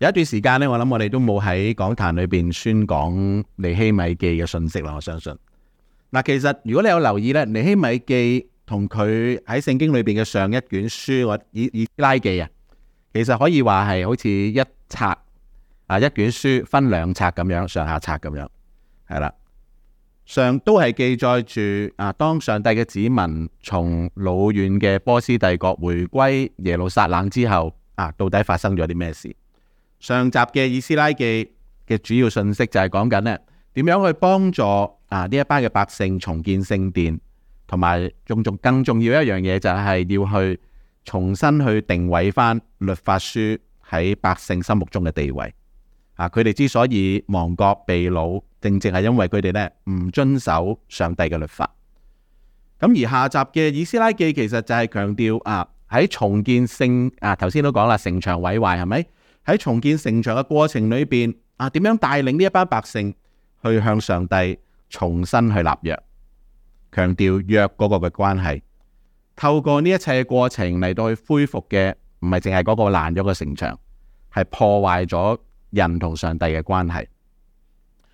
有一段時間呢，我諗我哋都冇喺講壇裏邊宣講尼希米記嘅信息啦。我相信嗱，其實如果你有留意呢，尼希米記同佢喺聖經裏邊嘅上一卷書或以以拉記啊，其實可以話係好似一冊啊一卷書分兩冊咁樣，上下冊咁樣係啦。上都係記載住啊，當上帝嘅子民從老遠嘅波斯帝國回歸耶路撒冷之後啊，到底發生咗啲咩事？上集嘅以斯拉記嘅主要信息就係講緊咧點樣去幫助啊呢一班嘅百姓重建聖殿，同埋仲仲更重要嘅一樣嘢，就係要去重新去定位翻律法書喺百姓心目中嘅地位。啊，佢哋之所以亡國被擄，正正係因為佢哋咧唔遵守上帝嘅律法。咁而下集嘅以斯拉記其實就係強調啊喺重建聖啊頭先都講啦，城牆毀壞係咪？是喺重建城牆嘅過程裏邊，啊，點樣帶領呢一班百姓去向上帝重新去立約，強調約嗰個嘅關係。透過呢一切嘅過程嚟到去恢復嘅，唔係淨係嗰個爛咗嘅城牆，係破壞咗人同上帝嘅關係。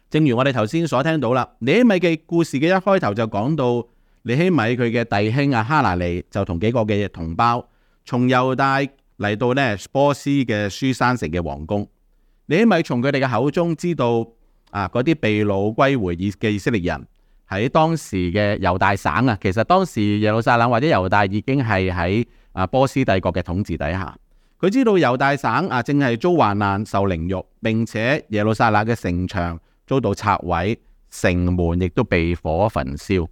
正如我哋頭先所聽到啦，尼希米嘅故事嘅一開頭就講到，尼希米佢嘅弟兄啊哈拿尼就同幾個嘅同胞從猶大嚟到咧波斯嘅書珊城嘅王宮，你咪從佢哋嘅口中知道啊嗰啲被擄歸回而嘅以色列人喺當時嘅猶大省啊，其實當時耶路撒冷或者猶大已經係喺啊波斯帝國嘅統治底下。佢知道猶大省啊正係遭患難、受凌辱，並且耶路撒冷嘅城牆遭到拆毀，城門亦都被火焚燒。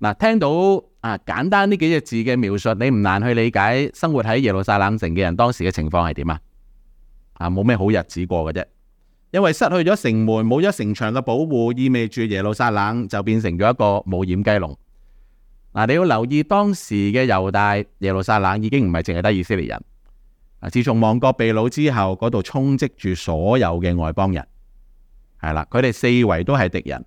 嗱，聽到。啊，簡單呢幾隻字嘅描述，你唔難去理解生活喺耶路撒冷城嘅人當時嘅情況係點啊？啊，冇咩好日子過嘅啫，因為失去咗城門，冇咗城牆嘅保護，意味住耶路撒冷就變成咗一個冇掩雞籠。嗱、啊，你要留意當時嘅猶大耶路撒冷已經唔係淨係得以色列人。啊、自從亡國被擄之後，嗰度充斥住所有嘅外邦人，係啦，佢哋四圍都係敵人。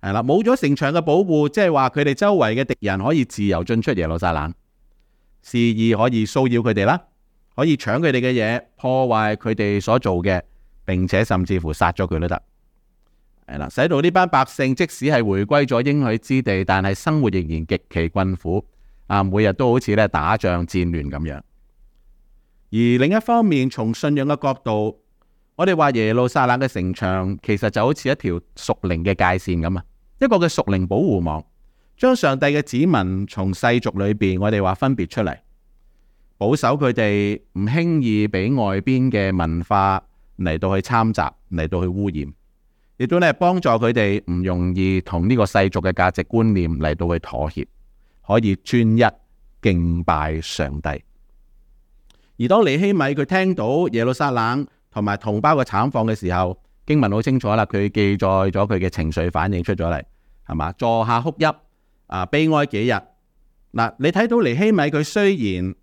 係啦，冇咗城牆嘅保護，即係話佢哋周圍嘅敵人可以自由進出耶路撒冷，肆意可以騷擾佢哋啦，可以搶佢哋嘅嘢，破壞佢哋所做嘅，並且甚至乎殺咗佢都得。係啦，使到呢班百姓即使係回歸咗應許之地，但係生活仍然極其困苦啊！每日都好似咧打仗戰亂咁樣。而另一方面，從信仰嘅角度。我哋話耶路撒冷嘅城牆，其實就好似一條屬靈嘅界線咁啊，一個嘅屬靈保護網，將上帝嘅子民從世俗裏邊，我哋話分別出嚟，保守佢哋唔輕易俾外邊嘅文化嚟到去參雜，嚟到去污染。亦都咧幫助佢哋唔容易同呢個世俗嘅價值觀念嚟到去妥協，可以專一敬拜上帝。而當尼希米佢聽到耶路撒冷，同埋同胞嘅慘況嘅時候，經文好清楚啦，佢記載咗佢嘅情緒反應出咗嚟，係嘛？坐下哭泣，啊，悲哀幾日？嗱、啊，你睇到尼希米佢雖然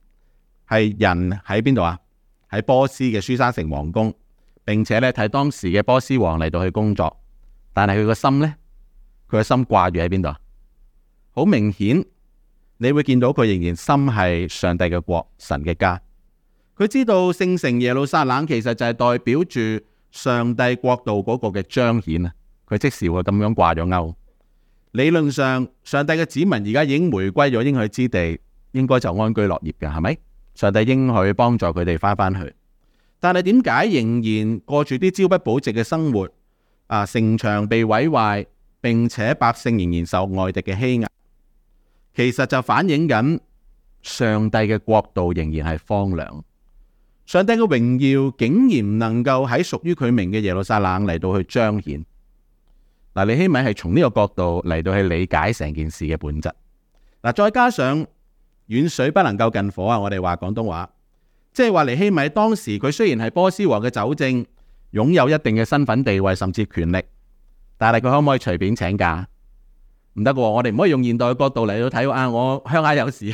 係人喺邊度啊？喺波斯嘅書珊城王宮。並且咧睇當時嘅波斯王嚟到去工作，但係佢個心呢？佢個心掛住喺邊度啊？好明顯，你會見到佢仍然心係上帝嘅國、神嘅家。佢知道聖城耶路撒冷其實就係代表住上帝國度嗰個嘅彰顯啊，佢即時會咁樣掛咗勾。理論上，上帝嘅子民而家已經回歸咗應許之地，應該就安居樂業嘅，係咪？上帝應許幫助佢哋翻返去，但係點解仍然過住啲朝不保夕嘅生活？啊，城牆被毀壞，並且百姓仍然受外敵嘅欺壓，其實就反映緊上帝嘅國度仍然係荒涼。上帝嘅榮耀竟然唔能夠喺屬於佢名嘅耶路撒冷嚟到去彰顯。嗱，尼希米係從呢個角度嚟到去理解成件事嘅本質。嗱，再加上遠水不能夠近火啊！我哋話廣東話，即係話尼希米當時佢雖然係波斯王嘅酒政，擁有一定嘅身份地位甚至權力，但係佢可唔可以隨便請假？唔得嘅，我哋唔可以用現代嘅角度嚟到睇啊！我鄉下有事。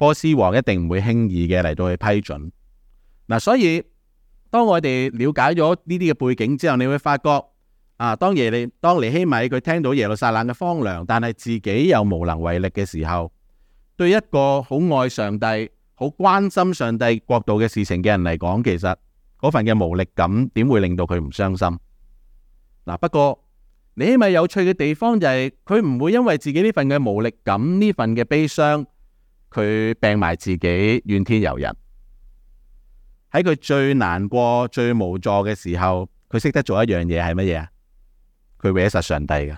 波斯王一定唔會輕易嘅嚟到去批准。嗱、啊，所以當我哋了解咗呢啲嘅背景之後，你會發覺，啊，當耶利當尼希米佢聽到耶路撒冷嘅荒涼，但係自己又無能為力嘅時候，對一個好愛上帝、好關心上帝國度嘅事情嘅人嚟講，其實嗰份嘅無力感點會令到佢唔傷心？嗱、啊，不過尼希米有趣嘅地方就係、是，佢唔會因為自己呢份嘅無力感、呢份嘅悲傷。佢病埋自己，怨天尤人。喺佢最難過、最無助嘅時候，佢識得做一樣嘢係乜嘢啊？佢搲實上帝㗎，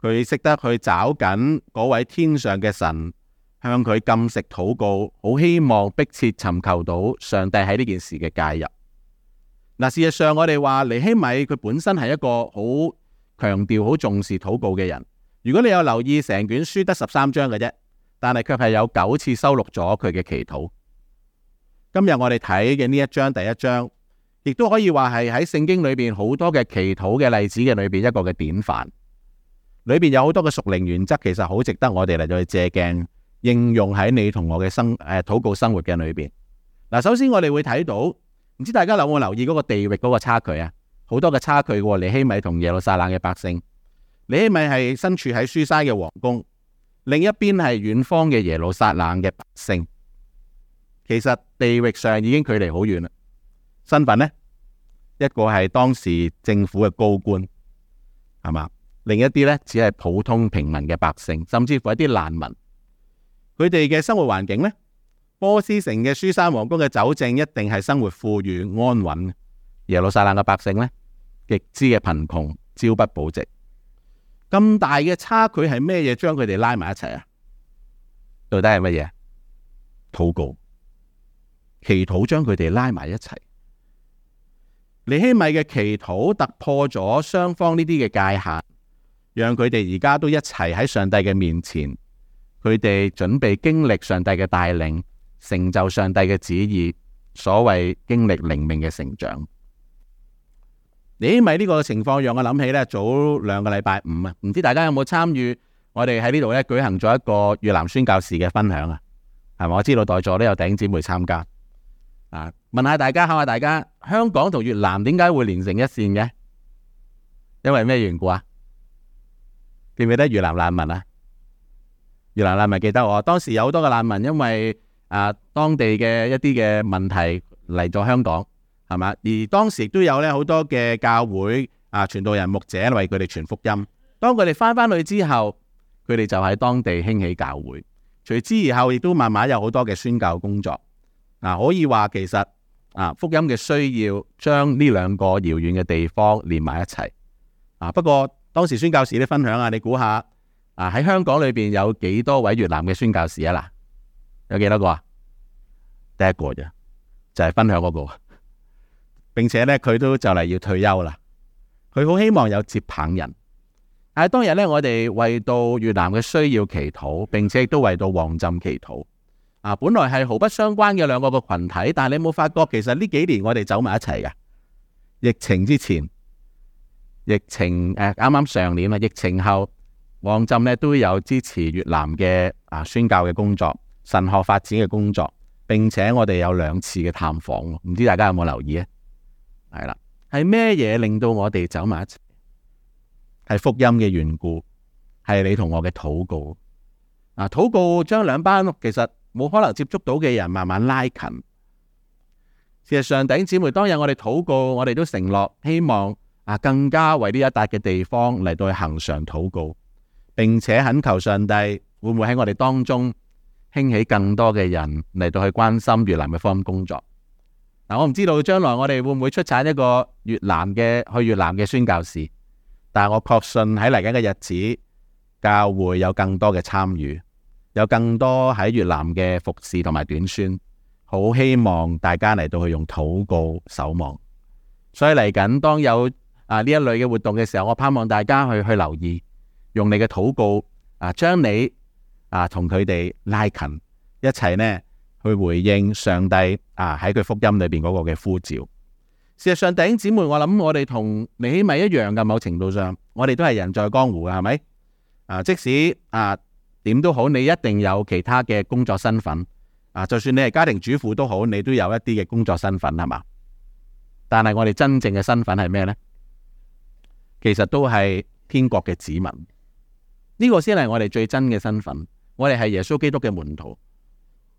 佢識得去找緊嗰位天上嘅神，向佢禁食禱告，好希望迫切尋求到上帝喺呢件事嘅介入。嗱，事實上我哋話尼希米佢本身係一個好強調、好重視禱告嘅人。如果你有留意，成卷書得十三章嘅啫。但係卻係有九次收錄咗佢嘅祈禱。今日我哋睇嘅呢一章第一章，亦都可以話係喺聖經裏邊好多嘅祈禱嘅例子嘅裏邊一個嘅典範。裏邊有好多嘅屬靈原則，其實好值得我哋嚟到去借鏡應用喺你同我嘅生誒、啊、禱告生活嘅裏邊。嗱，首先我哋會睇到，唔知大家有冇留意嗰個地域嗰個差距啊？好多嘅差距嘅、啊、喎，尼希米同耶路撒冷嘅百姓，尼希米係身處喺書珊嘅王宮。另一邊係遠方嘅耶路撒冷嘅百姓，其實地域上已經距離好遠啦。身份呢，一個係當時政府嘅高官，係嘛？另一啲呢，只係普通平民嘅百姓，甚至乎一啲難民。佢哋嘅生活環境呢？波斯城嘅書珊皇宮嘅酒政一定係生活富裕安穩，耶路撒冷嘅百姓呢，極之嘅貧窮，朝不保夕。咁大嘅差距係咩嘢，將佢哋拉埋一齊啊？到底係乜嘢？禱告、祈禱將佢哋拉埋一齊。尼希米嘅祈禱突破咗雙方呢啲嘅界限，讓佢哋而家都一齊喺上帝嘅面前。佢哋準備經歷上帝嘅帶領，成就上帝嘅旨意。所謂經歷靈命嘅成長。因為呢個情況，讓我諗起咧早兩個禮拜五啊，唔知大家有冇參與我哋喺呢度咧舉行咗一個越南宣教士嘅分享啊，係嘛？我知道在座都有頂姊妹參加啊，問下大家，考下大家，香港同越南點解會連成一線嘅？因為咩緣故啊？記唔記得越南難民啊？越南難民記得我當時有好多個難民，因為啊當地嘅一啲嘅問題嚟咗香港。係而當時亦都有咧好多嘅教會啊，傳道人、牧者，為佢哋傳福音。當佢哋翻翻去之後，佢哋就喺當地興起教會。隨之而後，亦都慢慢有好多嘅宣教工作。嗱，可以話其實啊，福音嘅需要將呢兩個遙遠嘅地方連埋一齊。啊，不過當時宣教士啲分享啊，你估下啊？喺香港裏邊有幾多位越南嘅宣教士啊？嗱，有幾多個啊？第一個啫，就係分享嗰個。並且呢佢都就嚟要退休啦。佢好希望有接棒人。喺當日呢，我哋為到越南嘅需要祈禱，並且亦都為到旺浸祈禱。啊，本來係毫不相關嘅兩個個群體，但你冇發覺其實呢幾年我哋走埋一齊㗎。疫情之前，疫情啱啱、啊、上年啊，疫情後旺浸呢都有支持越南嘅啊宣教嘅工作、神學發展嘅工作，並且我哋有兩次嘅探訪，唔知大家有冇留意？係啦，係咩嘢令到我哋走埋一齊？係福音嘅緣故，係你同我嘅禱告。啊，禱告將兩班屋其實冇可能接觸到嘅人慢慢拉近。事實上，弟兄姊妹當日我哋禱告，我哋都承諾希望啊，更加為呢一笪嘅地方嚟到行恒常禱告，並且懇求上帝會唔會喺我哋當中興起更多嘅人嚟到去關心越南嘅福音工作。嗱，我唔知道將來我哋會唔會出產一個越南嘅、去越南嘅宣教士，但係我確信喺嚟緊嘅日子，教會有更多嘅參與，有更多喺越南嘅服侍同埋短宣。好希望大家嚟到去用禱告守望，所以嚟緊當有啊呢一類嘅活動嘅時候，我盼望大家去去留意，用你嘅禱告啊，將你啊同佢哋拉近一齊呢去回應上帝啊！喺佢福音裏邊嗰個嘅呼召。事實上，弟兄姊妹，我諗我哋同你起碼一樣噶。某程度上，我哋都係人在江湖噶，係咪？啊，即使啊點都好，你一定有其他嘅工作身份啊。就算你係家庭主婦都好，你都有一啲嘅工作身份，係嘛？但係我哋真正嘅身份係咩呢？其實都係天國嘅子民。呢、這個先係我哋最真嘅身份。我哋係耶穌基督嘅門徒。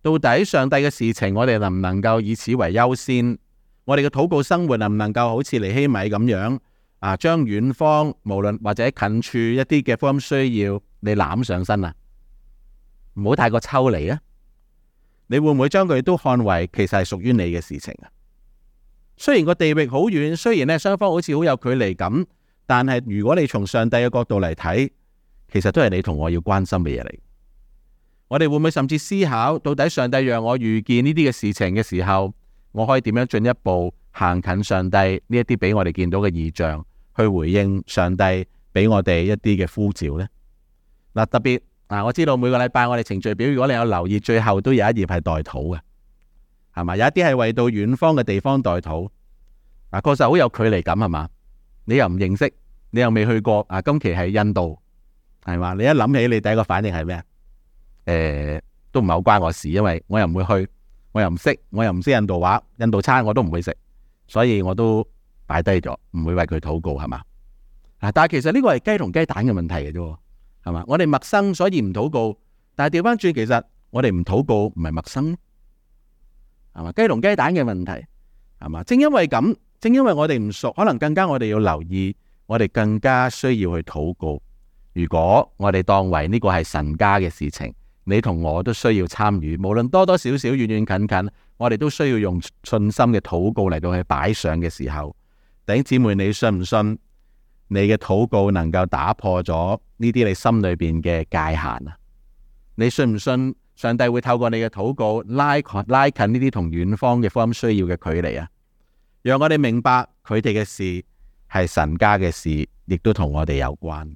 到底上帝嘅事情，我哋能唔能夠以此為優先？我哋嘅禱告生活能唔能夠好似尼希米咁樣啊，將遠方無論或者近處一啲嘅福音需要，你攬上身啊，唔好太過抽離啊！你會唔會將佢都看為其實係屬於你嘅事情啊？雖然個地域好遠，雖然呢雙方好似好有距離感，但係如果你從上帝嘅角度嚟睇，其實都係你同我要關心嘅嘢嚟。我哋會唔會甚至思考到底上帝讓我遇見呢啲嘅事情嘅時候，我可以點樣進一步行近上帝呢一啲俾我哋見到嘅異象，去回應上帝俾我哋一啲嘅呼召呢？嗱、啊，特別嗱、啊，我知道每個禮拜我哋程序表，如果你有留意，最後都有一頁係代禱嘅，係嘛？有一啲係為到遠方嘅地方代禱，啊確實好有距離感係嘛？你又唔認識，你又未去過，啊，今期係印度，係嘛？你一諗起，你第一個反應係咩？誒、欸，都唔係好關我事，因為我又唔會去，我又唔識，我又唔識印度話，印度餐我都唔會食，所以我都擺低咗，唔會為佢禱告係嘛？嗱，但係其實呢個係雞同雞蛋嘅問題嘅啫，係嘛？我哋陌生所以唔禱告，但係調翻轉，其實我哋唔禱告唔係陌生，係嘛？雞同雞蛋嘅問題，係嘛？正因為咁，正因為我哋唔熟，可能更加我哋要留意，我哋更加需要去禱告。如果我哋當為呢個係神家嘅事情。你同我都需要參與，無論多多少少、遠遠近近，我哋都需要用信心嘅禱告嚟到去擺上嘅時候。弟兄姊妹，你信信你你，你信唔信？你嘅禱告能夠打破咗呢啲你心裏邊嘅界限啊？你信唔信？上帝會透過你嘅禱告拉近拉近呢啲同遠方嘅福音需要嘅距離啊？讓我哋明白佢哋嘅事係神家嘅事，亦都同我哋有關。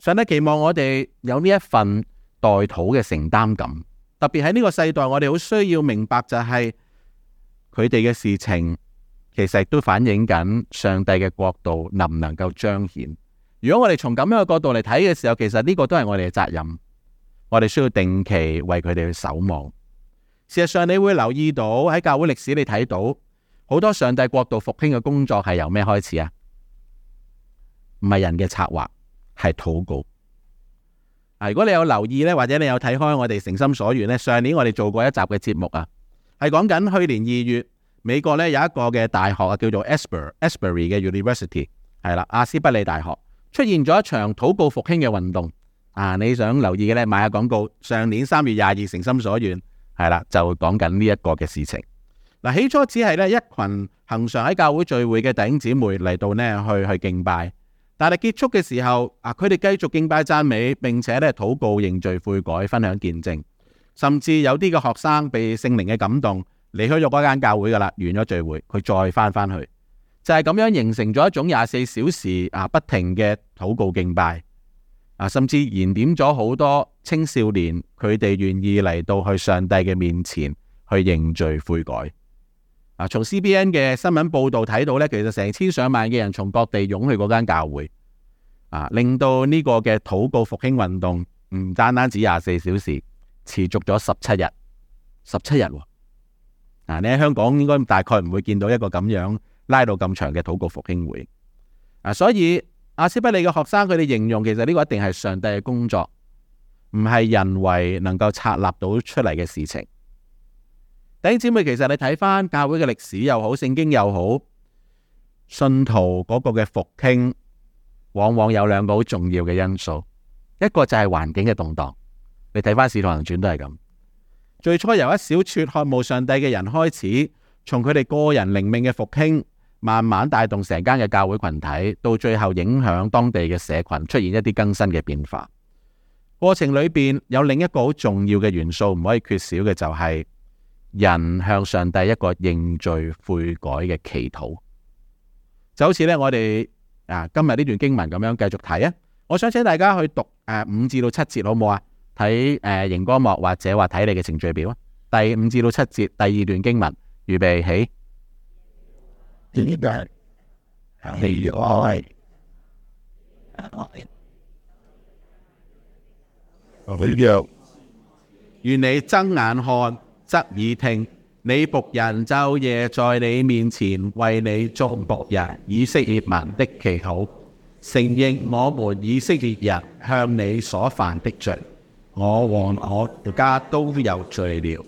上帝期望我哋有呢一份。代土嘅承擔感，特別喺呢個世代，我哋好需要明白就係佢哋嘅事情，其實都反映緊上帝嘅國度能唔能夠彰顯。如果我哋從咁樣嘅角度嚟睇嘅時候，其實呢個都係我哋嘅責任。我哋需要定期為佢哋去守望。事實上，你會留意到喺教會歷史你看到，你睇到好多上帝國度復興嘅工作係由咩開始啊？唔係人嘅策劃，係禱告。啊、如果你有留意呢，或者你有睇開我哋誠心所願呢，上年我哋做過一集嘅節目啊，係講緊去年二月美國呢有一個嘅大學啊，叫做 Asbury Asbury 嘅 University，係啦，阿斯伯利大學出現咗一場禱告復興嘅運動。啊，你想留意嘅呢，買下廣告。上年三月廿二誠心所願，係啦，就講緊呢一個嘅事情。嗱、啊，起初只係呢一群恒常喺教會聚會嘅弟兄姊妹嚟到呢去去敬拜。但係結束嘅時候，啊，佢哋繼續敬拜讚美，並且咧禱告認罪悔改，分享見證，甚至有啲嘅學生被聖靈嘅感動，離開咗嗰間教會噶啦，完咗聚會，佢再翻返去，就係咁樣形成咗一種廿四小時啊不停嘅禱告敬拜，啊，甚至燃點咗好多青少年，佢哋願意嚟到去上帝嘅面前去認罪悔改。啊！從 CBN 嘅新聞報導睇到呢，其實成千上萬嘅人從各地湧去嗰間教會，啊，令到呢個嘅禱告復興運動唔單單止廿四小時，持續咗十七日，十七日喎、哦！嗱、啊，你喺香港應該大概唔會見到一個咁樣拉到咁長嘅禱告復興會啊！所以阿斯比利嘅學生佢哋形容，其實呢個一定係上帝嘅工作，唔係人為能夠策立到出嚟嘅事情。弟兄姊妹，其實你睇翻，教會嘅歷史又好，聖經又好，信徒嗰個嘅復興，往往有兩個好重要嘅因素。一個就係環境嘅動盪，你睇翻《使徒行傳》都係咁。最初由一小撮渴慕上帝嘅人開始，從佢哋個人靈命嘅復興，慢慢帶動成間嘅教會群體，到最後影響當地嘅社群，出現一啲更新嘅變化。過程裏邊有另一個好重要嘅元素，唔可以缺少嘅就係、是。人向上帝一個認罪悔改嘅祈禱，就好似咧我哋啊今日呢段經文咁樣繼續睇啊！我想請大家去讀誒五至到七節好冇啊？睇誒熒光幕或者話睇你嘅程序表，第五至到七節第二段經文，預備起，起，願你睜眼看，則耳聽，你僕人晝夜在你面前為你作僕人，以色列民的祈禱，承認我們以色列人向你所犯的罪，我和我家都有罪了，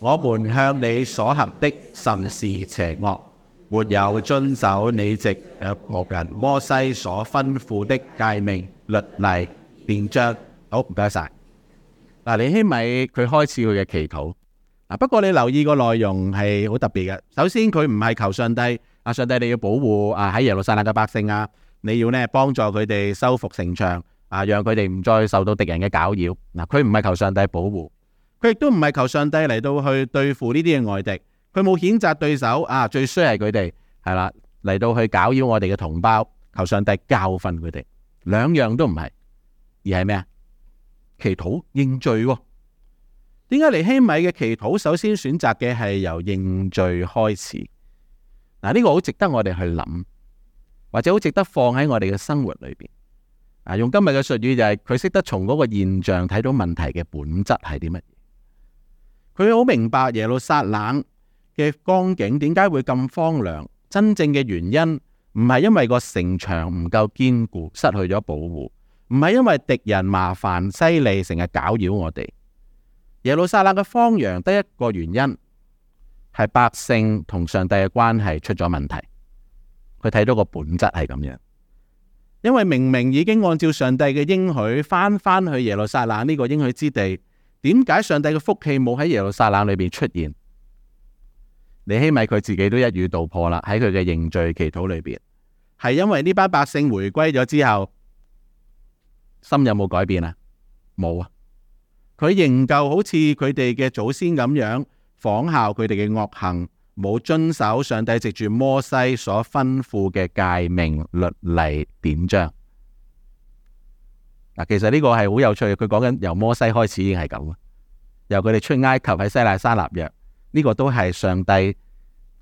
我們向你所行的甚是邪惡，沒有遵守你直僕人摩西所吩咐的誡命、律例、典章。好，唔該晒。嗱，你希米佢開始佢嘅祈禱。不過你留意個內容係好特別嘅。首先佢唔係求上帝，啊上帝你要保護啊喺耶路撒冷嘅百姓啊，你要呢幫助佢哋修復城牆，啊讓佢哋唔再受到敵人嘅攪擾。嗱，佢唔係求上帝保護，佢亦都唔係求上帝嚟到去對付呢啲嘅外敵，佢冇譴責對手啊，最衰係佢哋係啦嚟到去攪擾我哋嘅同胞，求上帝教訓佢哋，兩樣都唔係，而係咩啊？祈禱認罪喎、哦。點解尼希米嘅祈禱首先選擇嘅係由認罪開始？嗱，呢個好值得我哋去諗，或者好值得放喺我哋嘅生活裏邊。啊，用今日嘅術語就係佢識得從嗰個現象睇到問題嘅本質係啲乜嘢？佢好明白耶路撒冷嘅光景點解會咁荒涼，真正嘅原因唔係因為個城牆唔夠堅固，失去咗保護，唔係因為敵人麻煩犀利，成日搞擾我哋。耶路撒冷嘅荒涼得一個原因係百姓同上帝嘅關係出咗問題，佢睇到個本質係咁樣，因為明明已經按照上帝嘅應許翻翻去耶路撒冷呢個應許之地，點解上帝嘅福氣冇喺耶路撒冷裏邊出現？尼希米佢自己都一語道破啦，喺佢嘅認罪祈禱裏邊，係因為呢班百姓回歸咗之後，心有冇改變啊？冇啊！佢仍舊好似佢哋嘅祖先咁樣仿效佢哋嘅惡行，冇遵守上帝藉住摩西所吩咐嘅誡命律例典章。嗱，其實呢個係好有趣，佢講緊由摩西開始已經係咁啦。由佢哋出埃及喺西奈山立約，呢、呢個都係上帝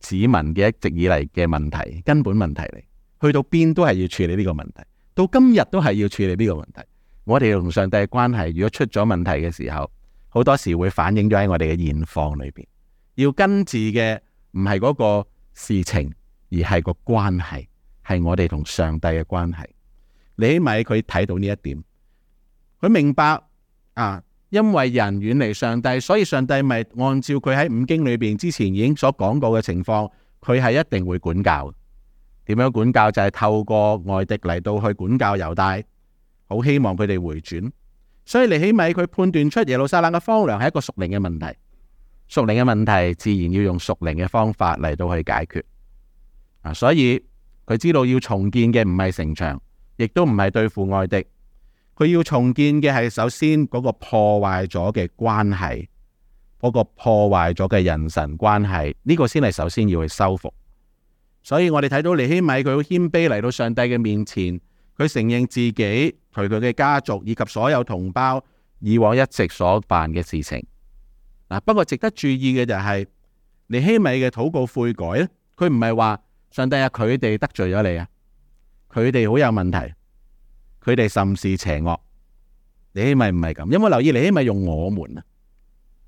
子民嘅一直以嚟嘅問題，根本問題嚟。去到邊都係要處理呢個問題，到今日都係要處理呢個問題。我哋同上帝嘅關係，如果出咗問題嘅時候，好多時會反映咗喺我哋嘅現況裏邊。要根治嘅唔係嗰個事情，而係個關係，係我哋同上帝嘅關係。你起咪佢睇到呢一點，佢明白啊，因為人遠離上帝，所以上帝咪按照佢喺五經裏邊之前已經所講過嘅情況，佢係一定會管教。點樣管教就係透過外敵嚟到去管教猶大。好希望佢哋回轉，所以尼希米佢判斷出耶路撒冷嘅荒涼係一個屬靈嘅問題，屬靈嘅問題自然要用屬靈嘅方法嚟到去解決。所以佢知道要重建嘅唔係城牆，亦都唔係對付外敵，佢要重建嘅係首先嗰個破壞咗嘅關係，嗰個破壞咗嘅人神關係，呢個先係首先要去修復。所以我哋睇到尼希米佢好謙卑嚟到上帝嘅面前，佢承認自己。佢佢嘅家族以及所有同胞以往一直所辦嘅事情嗱，不過值得注意嘅就係尼希米嘅禱告悔改咧，佢唔係話上帝啊，佢哋得罪咗你啊，佢哋好有問題，佢哋甚是邪惡。尼希米唔係咁，有冇留意尼希米用我們啊？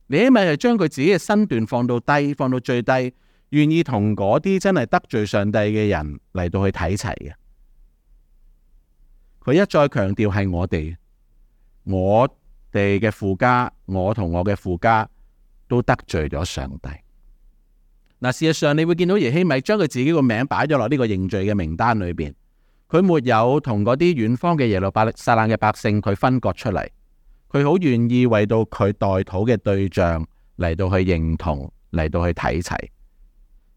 尼希米係將佢自己嘅身段放到低，放到最低，願意同嗰啲真係得罪上帝嘅人嚟到去睇齊嘅。佢一再強調係我哋，我哋嘅父家，我同我嘅父家都得罪咗上帝。嗱，事實上你會見到尼希米將佢自己個名擺咗落呢個認罪嘅名單裏邊，佢沒有同嗰啲遠方嘅耶路巴撒冷嘅百姓佢分割出嚟，佢好願意為到佢代禱嘅對象嚟到去認同嚟到去睇齊。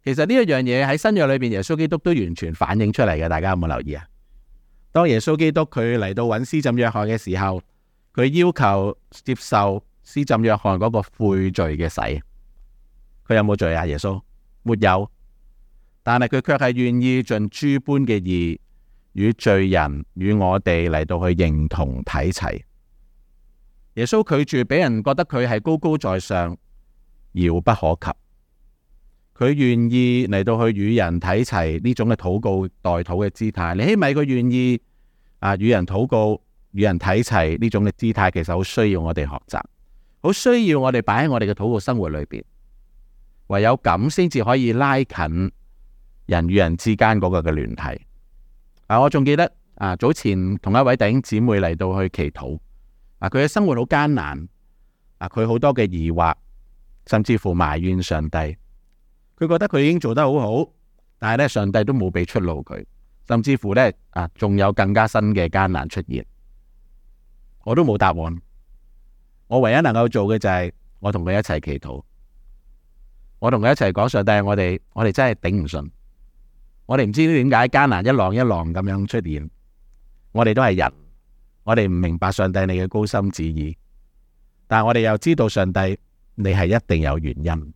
其實呢一樣嘢喺新約裏邊，耶穌基督都完全反映出嚟嘅，大家有冇留意啊？當耶穌基督佢嚟到揾施浸約翰嘅時候，佢要求接受施浸約翰嗰個悔罪嘅洗，佢有冇罪啊？耶穌？沒有，但係佢卻係願意盡諸般嘅義與罪人與我哋嚟到去認同睇齊。耶穌拒絕俾人覺得佢係高高在上，遙不可及。佢願意嚟到去與人睇齊呢種嘅禱告代禱嘅姿態。你起咪佢願意啊？與人禱告、與人睇齊呢種嘅姿態，其實好需要我哋學習，好需要我哋擺喺我哋嘅禱告生活裏邊。唯有咁先至可以拉近人與人之間嗰個嘅聯繫。啊！我仲記得啊，早前同一位弟兄姊妹嚟到去祈禱啊，佢嘅生活好艱難啊，佢好多嘅疑惑，甚至乎埋怨上帝。佢覺得佢已經做得好好，但係咧上帝都冇俾出路佢，甚至乎咧啊，仲有更加新嘅艱難出現，我都冇答案。我唯一能夠做嘅就係我同佢一齊祈禱，我同佢一齊講，上帝我，我哋我哋真係頂唔順，我哋唔知點解艱難一浪一浪咁樣出現，我哋都係人，我哋唔明白上帝你嘅高深旨意，但係我哋又知道上帝你係一定有原因。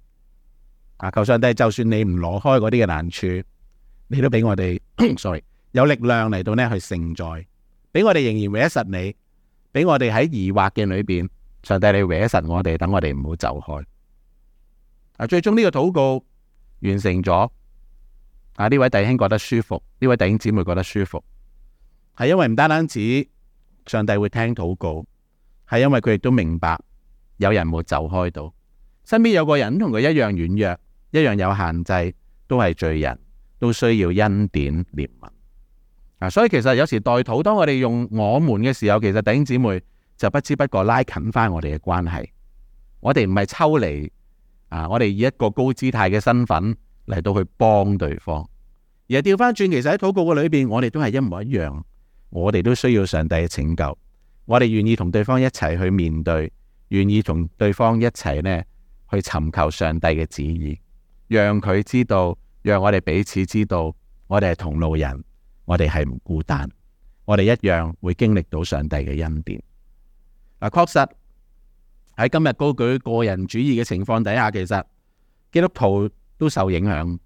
啊！求上帝，就算你唔攞開嗰啲嘅難處，你都俾我哋，sorry， 有力量嚟到呢去承載，俾我哋仍然搲實你，俾我哋喺疑惑嘅裏邊，上帝你搲實我哋，等我哋唔好走開。啊！最終呢個禱告完成咗，啊！呢位弟兄覺得舒服，呢位弟兄姊妹覺得舒服，係因為唔單單止上帝會聽禱告，係因為佢亦都明白有人冇走開到，身邊有個人同佢一樣軟弱。一樣有限制，都係罪人，都需要恩典憐憫啊。所以其實有時代禱，當我哋用我們嘅時候，其實弟兄姊妹就不知不覺拉近翻我哋嘅關係。我哋唔係抽離啊，我哋以一個高姿態嘅身份嚟到去幫對方，而係調翻轉。其實喺禱告嘅裏邊，我哋都係一模一樣，我哋都需要上帝嘅拯救，我哋願意同對方一齊去面對，願意同對方一齊呢去尋求上帝嘅旨意。讓佢知道，讓我哋彼此知道，我哋係同路人，我哋係唔孤單，我哋一樣會經歷到上帝嘅恩典。嗱、啊，確實喺今日高舉個人主義嘅情況底下，其實基督徒都受影響。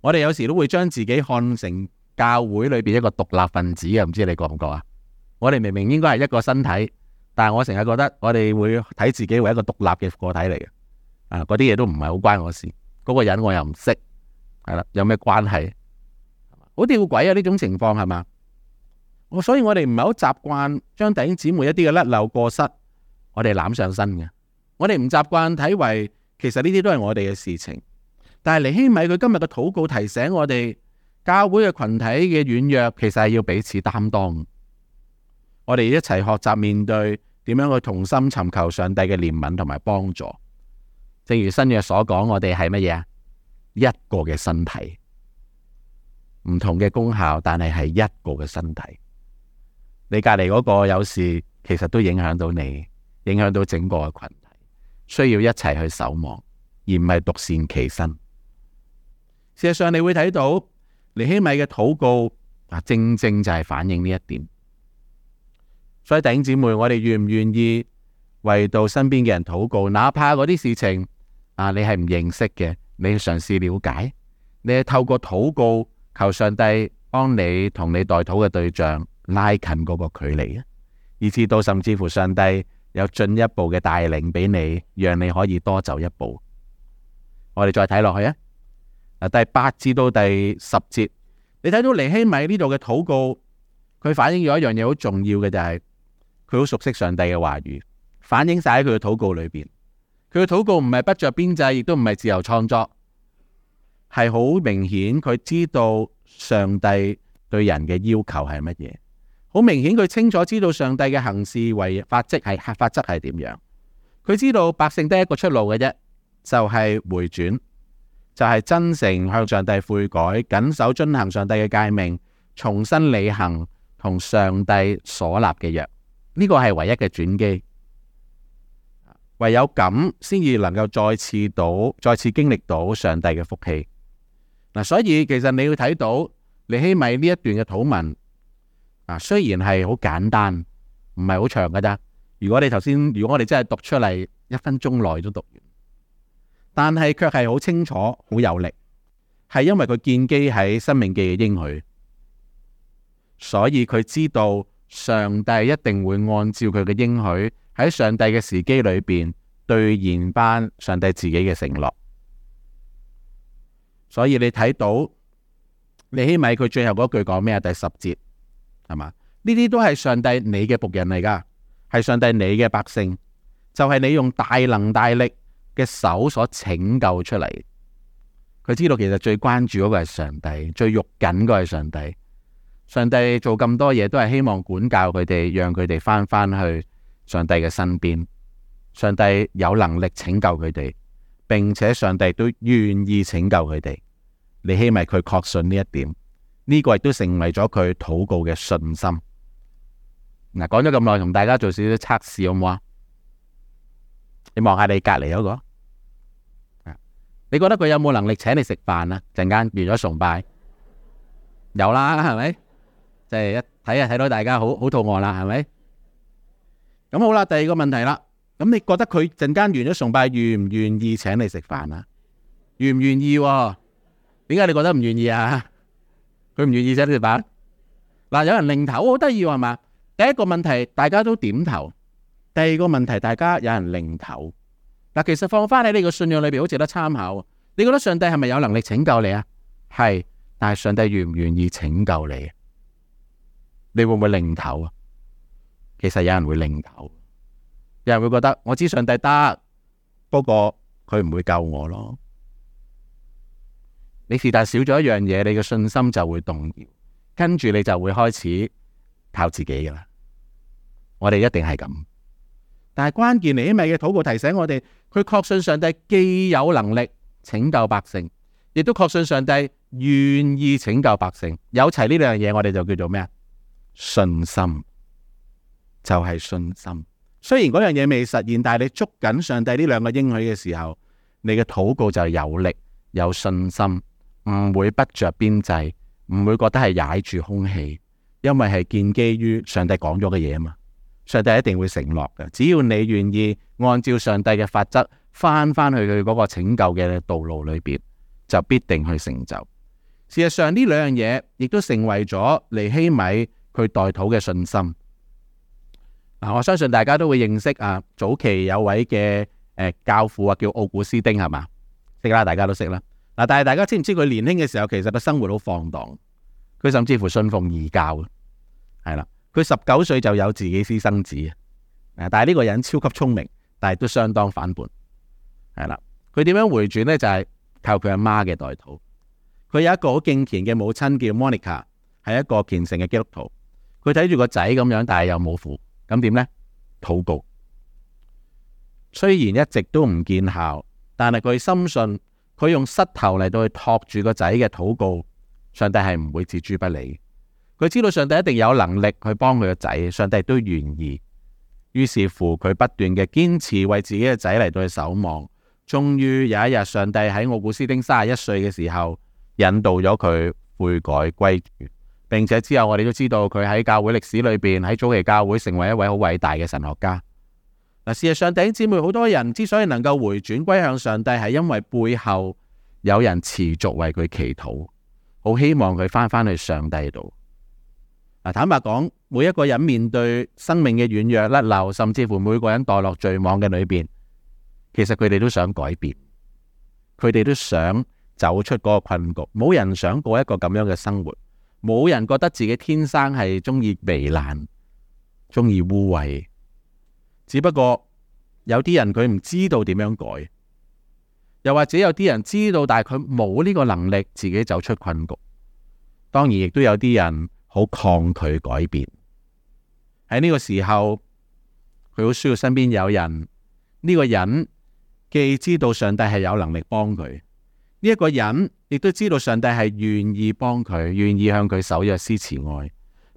我哋有時都會將自己看成教會裏邊一個獨立分子啊！唔知你覺唔覺啊？我哋明明應該係一個身體，但係我成日覺得我哋會睇自己為一個獨立嘅個體嚟嘅。嗰啲嘢都唔係好關我事。嗰個人我又唔識，係啦，有咩關係？好吊詭啊！呢種情況係嘛？我所以，我哋唔係好習慣將弟兄姊妹一啲嘅甩漏過失，我哋攬上身嘅。我哋唔習慣睇為其實呢啲都係我哋嘅事情。但係尼希米佢今日嘅禱告提醒我哋，教會嘅羣體嘅軟弱，其實係要彼此擔當。我哋一齊學習面對點樣去同心尋求上帝嘅憐憫同埋幫助。正如新約所講，我哋係乜嘢啊？一個嘅身體，唔同嘅功效，但係係一個嘅身體。你隔離嗰個有事，其實都影響到你，影響到整個嘅群體，需要一齊去守望，而唔係獨善其身。事實上，你會睇到尼希米嘅禱告啊，正正就係反映呢一點。所以弟兄姊妹，我哋願唔願意？為到身邊嘅人禱告，哪怕嗰啲事情啊，你係唔認識嘅，你嘗試了解，你係透過禱告求上帝幫你同你代禱嘅對象拉近嗰個距離啊，以至到甚至乎上帝有進一步嘅帶領俾你，讓你可以多走一步。我哋再睇落去啊，第八至到第十節，你睇到尼希米呢度嘅禱告，佢反映咗一樣嘢好重要嘅，就係佢好熟悉上帝嘅話語。反映晒喺佢嘅禱告裏邊，佢嘅禱告唔係不着邊際，亦都唔係自由創作，係好明顯佢知道上帝對人嘅要求係乜嘢，好明顯佢清楚知道上帝嘅行事為法則係法則係點樣，佢知道百姓得一個出路嘅啫，就係、是、回轉，就係、是、真誠向上帝悔改，謹守遵行上帝嘅誡命，重新履行同上帝所立嘅約，呢、這個係唯一嘅轉機。唯有咁，先至能夠再次到、再次經歷到上帝嘅福氣。嗱，所以其實你要睇到尼希米呢一段嘅禱文，啊，雖然係好簡單，唔係好長噶咋。如果你頭先，如果我哋真係讀出嚟，一分鐘內都讀完，但係卻係好清楚、好有力，係因為佢建基喺生命記嘅應許，所以佢知道上帝一定會按照佢嘅應許。喺上帝嘅時機裏邊兌現翻上帝自己嘅承諾，所以你睇到尼希米佢最後嗰句講咩啊？第十節係嘛？呢啲都係上帝你嘅僕人嚟噶係上帝你嘅百姓，就係、是、你用大能大力嘅手所拯救出嚟。佢知道其實最關注嗰個係上帝，最肉緊嗰個係上帝。上帝做咁多嘢都係希望管教佢哋，讓佢哋翻翻去上帝嘅身邊，上帝有能力拯救佢哋，並且上帝都願意拯救佢哋。你希望佢確信呢一點，呢個亦都成為咗佢禱告嘅信心。嗱，講咗咁耐，同大家做少少測試好唔好啊？你望下你隔籬嗰個，你覺得佢有冇能力請你食飯啊？陣間完咗崇拜，有啦，係咪？即係一睇啊，睇到大家好好肚餓啦，係咪？咁好啦，第二個問題啦，咁你覺得佢陣間完咗崇拜，願唔願意請你食飯啊？願唔願意啊？點解你覺得唔願意啊？佢唔願意啫、啊，請你食飯嗱，有人擰頭，好得意喎，係嘛？第一個問題，大家都點頭；第二個問題，大家有人擰頭。嗱，其實放翻喺你個信仰裏邊，好值得參考。你覺得上帝係咪有能力拯救你啊？係，但係上帝願唔願意拯救你？你會唔會擰頭啊？其實有人會另求，有人會覺得我知上帝得，他不過佢唔會救我咯。你是但少咗一樣嘢，你嘅信心就會動搖，跟住你就會開始靠自己噶啦。我哋一定係咁，但係關鍵嚟，尼希米嘅禱告提醒我哋，佢確信上帝既有能力拯救百姓，亦都確信上帝願意拯救百姓。有齊呢兩樣嘢，我哋就叫做咩啊？信心。就係、是、信心，雖然嗰樣嘢未實現，但係你捉緊上帝呢兩個應許嘅時候，你嘅禱告就有力，有信心，唔會不着邊際，唔會覺得係踩住空氣，因為係建基於上帝講咗嘅嘢啊嘛，上帝一定會承諾嘅，只要你願意按照上帝嘅法則翻翻去佢嗰個拯救嘅道路裏邊，就必定去成就。事實上呢兩樣嘢亦都成為咗尼希米佢代禱嘅信心。嗱、啊，我相信大家都會認識啊。早期有位嘅誒、呃、教父啊，叫奧古斯丁，係嘛？識啦，大家都識啦。嗱、啊，但係大家知唔知佢年輕嘅時候，其實個生活好放蕩，佢甚至乎信奉異教嘅，係啦。佢十九歲就有自己私生子啊。但係呢個人超級聰明，但係都相當反叛，係啦。佢點樣回轉呢？就係、是、靠佢阿媽嘅代禱。佢有一個好敬虔嘅母親叫 Monica，係一個虔誠嘅基督徒。佢睇住個仔咁樣，但係又冇父。咁點呢？禱告雖然一直都唔見效，但係佢深信佢用膝頭嚟到去托住個仔嘅禱告，上帝係唔會置之不理。佢知道上帝一定有能力去幫佢個仔，上帝都願意。於是乎，佢不斷嘅堅持為自己嘅仔嚟到去守望。終於有一日，上帝喺奧古斯丁三十一歲嘅時候，引導咗佢悔改歸主。並且之後，我哋都知道佢喺教會歷史裏邊，喺早期教會成為一位好偉大嘅神學家。事實上，弟兄姊妹好多人之所以能夠回轉歸向上帝，係因為背後有人持續為佢祈禱，好希望佢翻返去上帝度。嗱，坦白講，每一個人面對生命嘅軟弱、甩漏，甚至乎每個人墮落罪網嘅裏邊，其實佢哋都想改變，佢哋都想走出嗰個困局。冇人想過一個咁樣嘅生活。冇人覺得自己天生係中意糜爛、中意污穢。只不過有啲人佢唔知道點樣改，又或者有啲人知道，但係佢冇呢個能力自己走出困局。當然亦都有啲人好抗拒改變。喺呢個時候，佢好需要身邊有人。呢個人既知道上帝係有能力幫佢。.呢、這、一個人亦都知道上帝係願意幫佢，願意向佢守約施慈愛，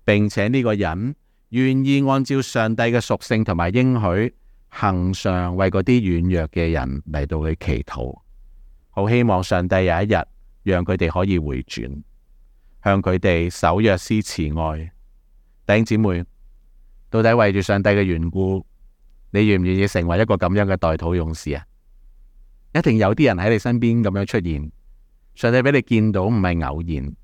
並且呢個人願意按照上帝嘅屬性同埋應許，恆常為嗰啲軟弱嘅人嚟到去祈禱，好希望上帝有一日讓佢哋可以回轉，向佢哋守約施慈愛。弟兄姐妹，到底為住上帝嘅緣故，你願唔願意成為一個咁樣嘅代禱勇士啊？一定有啲人喺你身邊咁樣出現，上帝俾你見到唔係偶然，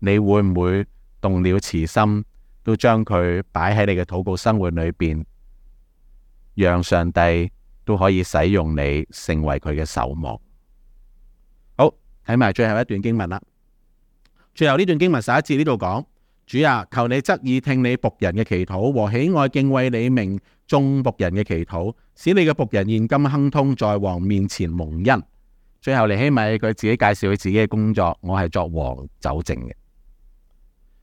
你會唔會動了慈心，都將佢擺喺你嘅禱告生活裏邊，讓上帝都可以使用你，成為佢嘅守望。好，睇埋最後一段經文啦。最後呢段經文十一節呢度講：主啊，求你側耳聽你僕人嘅祈禱和喜愛敬畏你名。眾僕人嘅祈禱，使你嘅僕人現今亨通，在王面前蒙恩。最後，尼希米佢自己介紹佢自己嘅工作，我係作王酒政嘅。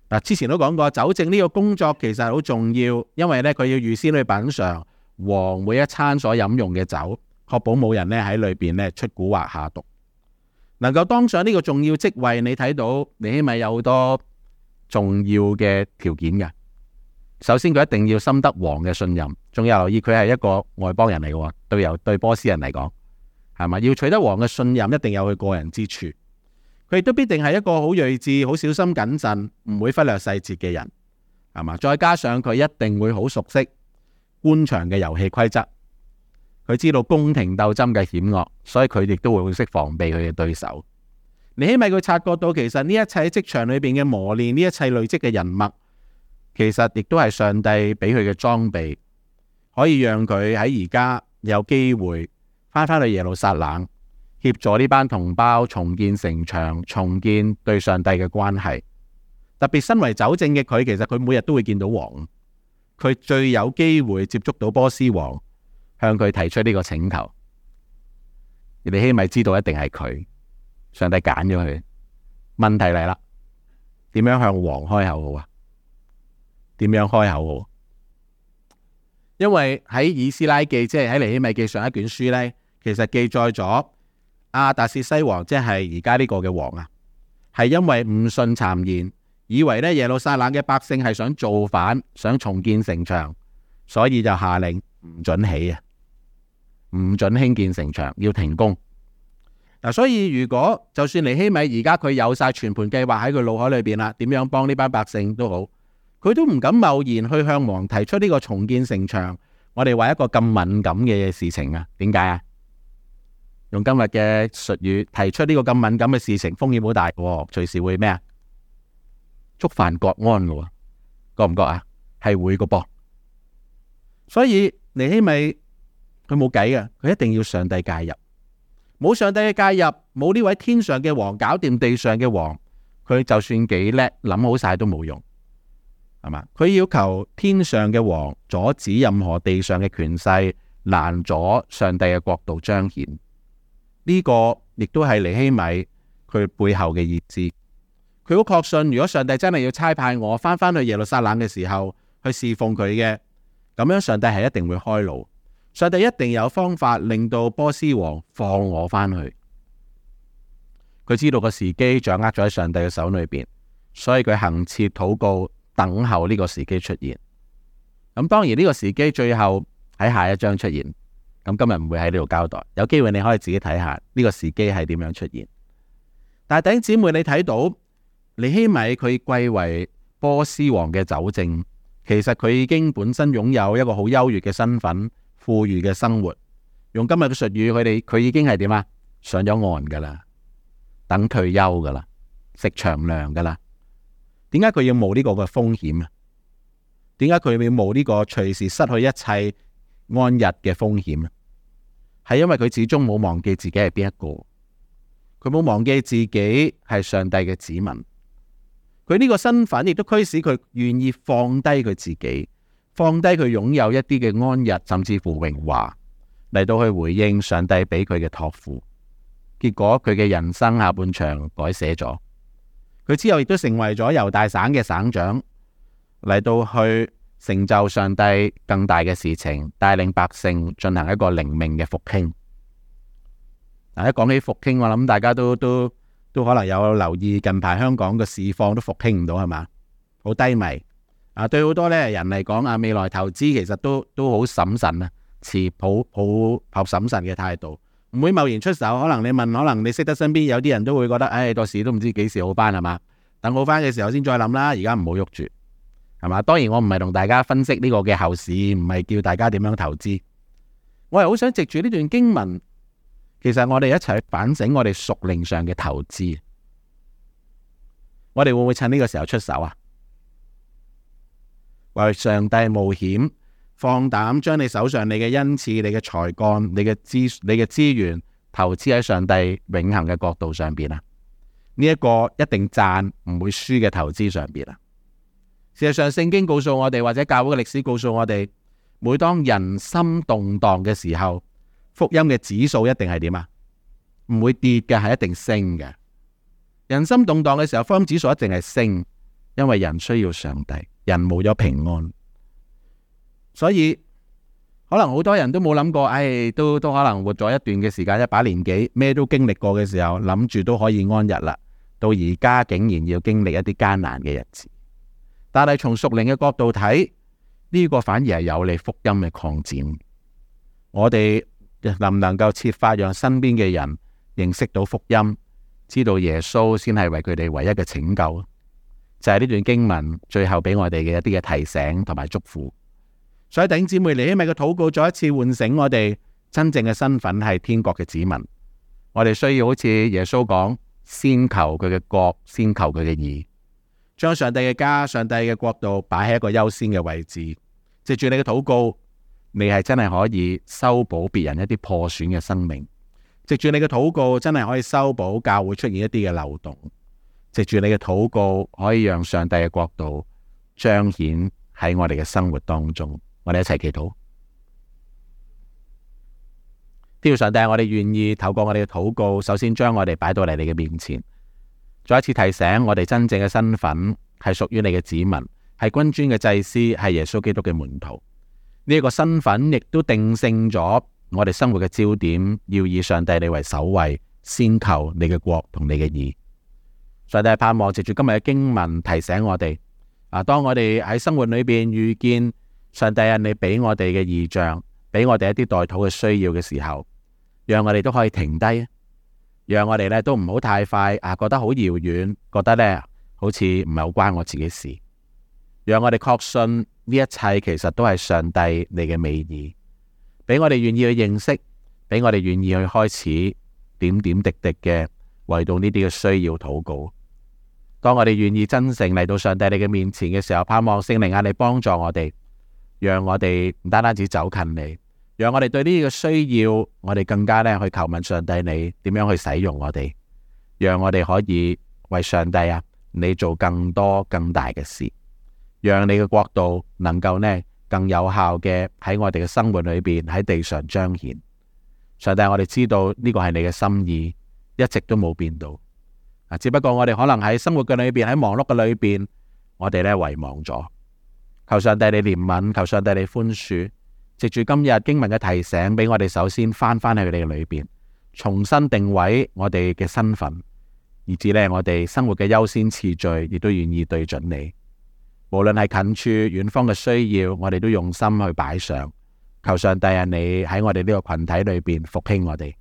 嗱，之前都講過，酒政呢個工作其實係好重要，因為呢，佢要預先去品嘗王每一餐所飲用嘅酒，確保冇人呢喺裏邊呢出蠱惑下毒。能夠當上呢個重要職位，你睇到尼希米有好多重要嘅條件嘅。首先佢一定要深得王嘅信任，仲要留意佢係一個外邦人嚟嘅，對由對波斯人嚟講，係嘛？要取得王嘅信任，一定有佢過人之處。佢亦都必定係一個好睿智、好小心謹慎、唔會忽略細節嘅人，係嘛？再加上佢一定會好熟悉官場嘅遊戲規則，佢知道宮廷鬥爭嘅險惡，所以佢亦都會識防備佢嘅對手。你起碼佢察覺到，其實呢一切喺職場裏邊嘅磨練，呢一切累積嘅人脈。其實亦都係上帝俾佢嘅裝備，可以讓佢喺而家有機會翻返去耶路撒冷協助呢班同胞重建城牆、重建對上帝嘅關係。特別身為酒政嘅佢，其實佢每日都會見到王，佢最有機會接觸到波斯王，向佢提出呢個請求。尼希米知道一定係佢，上帝揀咗佢。問題嚟啦，點樣向王開口好啊？點樣開口喎？因為喺以斯拉記，即係喺尼希米記上一卷書呢，其實記載咗亞達薛西王，即係而家呢個嘅王啊，係因為唔信讒言，以為呢耶路撒冷嘅百姓係想造反，想重建城牆，所以就下令唔准起啊，唔准興建城牆，要停工。嗱，所以如果就算尼希米而家佢有晒全盤計劃喺佢腦海裏邊啦，點樣幫呢班百姓都好。佢都唔敢貿然去向王提出呢個重建城牆，我哋話一個咁敏感嘅事情啊。點解啊？用今日嘅術語提出呢個咁敏感嘅事情，風險好大喎，隨時會咩啊？觸犯國安噶覺唔覺啊？係會噶噃所以尼希米佢冇計嘅，佢一定要上帝介入，冇上帝嘅介入，冇呢位天上嘅王搞掂地上嘅王，佢就算幾叻諗好晒都冇用。佢要求天上嘅王阻止任何地上嘅權勢，攔阻上帝嘅國度彰顯。呢個亦都係尼希米佢背後嘅意志。佢好確信，如果上帝真係要差派我翻返去耶路撒冷嘅時候去侍奉佢嘅，咁樣上帝係一定會開路。上帝一定有方法令到波斯王放我翻去。佢知道個時機掌握咗喺上帝嘅手裏邊，所以佢懇切禱告。等候呢個時機出現，咁當然呢個時機最後喺下一章出現。咁今日唔會喺呢度交代，有機會你可以自己睇下呢個時機係點樣出現。但弟兄姊妹你看，你睇到尼希米佢貴為波斯王嘅酒政，其實佢已經本身擁有一個好優越嘅身份、富裕嘅生活。用今日嘅術語，佢哋佢已經係點啊？上咗岸㗎啦，等退休㗎啦，食長糧㗎啦。點解佢要冒呢個嘅風險啊？點解佢要冒呢個隨時失去一切安逸嘅風險啊？係因為佢始終冇忘記自己係邊一個，佢冇忘記自己係上帝嘅子民。佢呢個身份亦都驅使佢願意放低佢自己，放低佢擁有一啲嘅安逸，甚至乎榮華嚟到去回應上帝俾佢嘅託付。結果佢嘅人生下半場改寫咗。佢之後亦都成為咗猶大省嘅省長，嚟到去成就上帝更大嘅事情，帶領百姓進行一個靈命嘅復興。嗱，一講起復興，我諗大家都都都可能有留意近排香港嘅市況都復興唔到係嘛？好低迷啊！對好多呢人嚟講啊，未來投資其實都都好審慎啊，持抱抱合審慎嘅態度。唔會貿然出手，可能你問，可能你識得身邊有啲人都會覺得，唉、哎，到時都唔知幾時好翻係嘛，等好翻嘅時候先再諗啦。而家唔好喐住，係嘛？當然我唔係同大家分析呢個嘅後市，唔係叫大家點樣投資，我係好想藉住呢段經文，其實我哋一齊反省我哋屬靈上嘅投資，我哋會唔會趁呢個時候出手啊？為上帝冒險。放膽將你手上你嘅恩賜、你嘅才幹、你嘅資、你嘅資源投資喺上帝永恒嘅國度上邊啊！呢、這、一個一定賺唔會輸嘅投資上邊啊！事實上，聖經告訴我哋或者教會嘅歷史告訴我哋，每當人心動盪嘅時候，福音嘅指數一定係點啊？唔會跌嘅係一定升嘅。人心動盪嘅時候，福音指數一定係升，因為人需要上帝，人冇咗平安。所以可能好多人都冇諗過，唉、哎，都都可能活咗一段嘅時間，一把年紀，咩都經歷過嘅時候，諗住都可以安逸啦。到而家竟然要經歷一啲艱難嘅日子，但係從屬靈嘅角度睇，呢、這個反而係有利福音嘅擴展。我哋能唔能夠設法讓身邊嘅人認識到福音，知道耶穌先係為佢哋唯一嘅拯救？就係、是、呢段經文最後俾我哋嘅一啲嘅提醒同埋祝福。所以頂姊妹尼希米嘅禱告再一次喚醒我哋真正嘅身份係天國嘅子民。我哋需要好似耶穌講，先求佢嘅國，先求佢嘅義。將上帝嘅家、上帝嘅國度擺喺一個優先嘅位置。藉住你嘅禱告，你係真係可以修補別人一啲破損嘅生命。藉住你嘅禱告，真係可以修補教會出現一啲嘅漏洞。藉住你嘅禱告，可以讓上帝嘅國度彰顯喺我哋嘅生活當中。我哋一齊祈禱，天父上帝，我哋願意透過我哋嘅禱告，首先將我哋擺到嚟你嘅面前，再一次提醒我哋真正嘅身份係屬於你嘅子民，係君尊嘅祭司，係耶穌基督嘅門徒。呢一個身份亦都定性咗我哋生活嘅焦點，要以上帝你為首位，先求你嘅國同你嘅義。上帝盼望藉住今日嘅經文提醒我哋，啊，當我哋喺生活裏邊遇見。上帝啊！你俾我哋嘅異象，俾我哋一啲代禱嘅需要嘅時候，讓我哋都可以停低，讓我哋咧都唔好太快啊，覺得好遙遠，覺得呢好似唔係好關我自己事。讓我哋確信呢一切其實都係上帝你嘅美意，俾我哋願意去認識，俾我哋願意去開始點點滴滴嘅為到呢啲嘅需要禱告。當我哋願意真誠嚟到上帝你嘅面前嘅時候，盼望聖靈啊，你幫助我哋。讓我哋唔單單只走近你，讓我哋對呢個需要，我哋更加咧去求問上帝，你點樣去使用我哋，讓我哋可以為上帝啊，你做更多更大嘅事，讓你嘅國度能夠呢更有效嘅喺我哋嘅生活裏邊喺地上彰顯。上帝，我哋知道呢個係你嘅心意，一直都冇變到。只不過我哋可能喺生活嘅裏邊喺忙碌嘅裏邊，我哋咧遺忘咗。求上帝你憐憫，求上帝你寬恕。藉住今日經文嘅提醒，俾我哋首先返返去佢哋嘅裏邊，重新定位我哋嘅身份，以至呢我哋生活嘅優先次序，亦都願意對準你。無論係近處、遠方嘅需要，我哋都用心去擺上。求上帝啊，你喺我哋呢個群體裏邊復興我哋，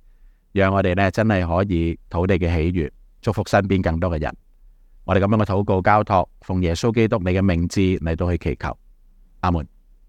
讓我哋呢真係可以土地嘅喜悅，祝福身邊更多嘅人。我哋咁樣嘅禱告交託，奉耶穌基督你嘅名字嚟到去祈求，阿門。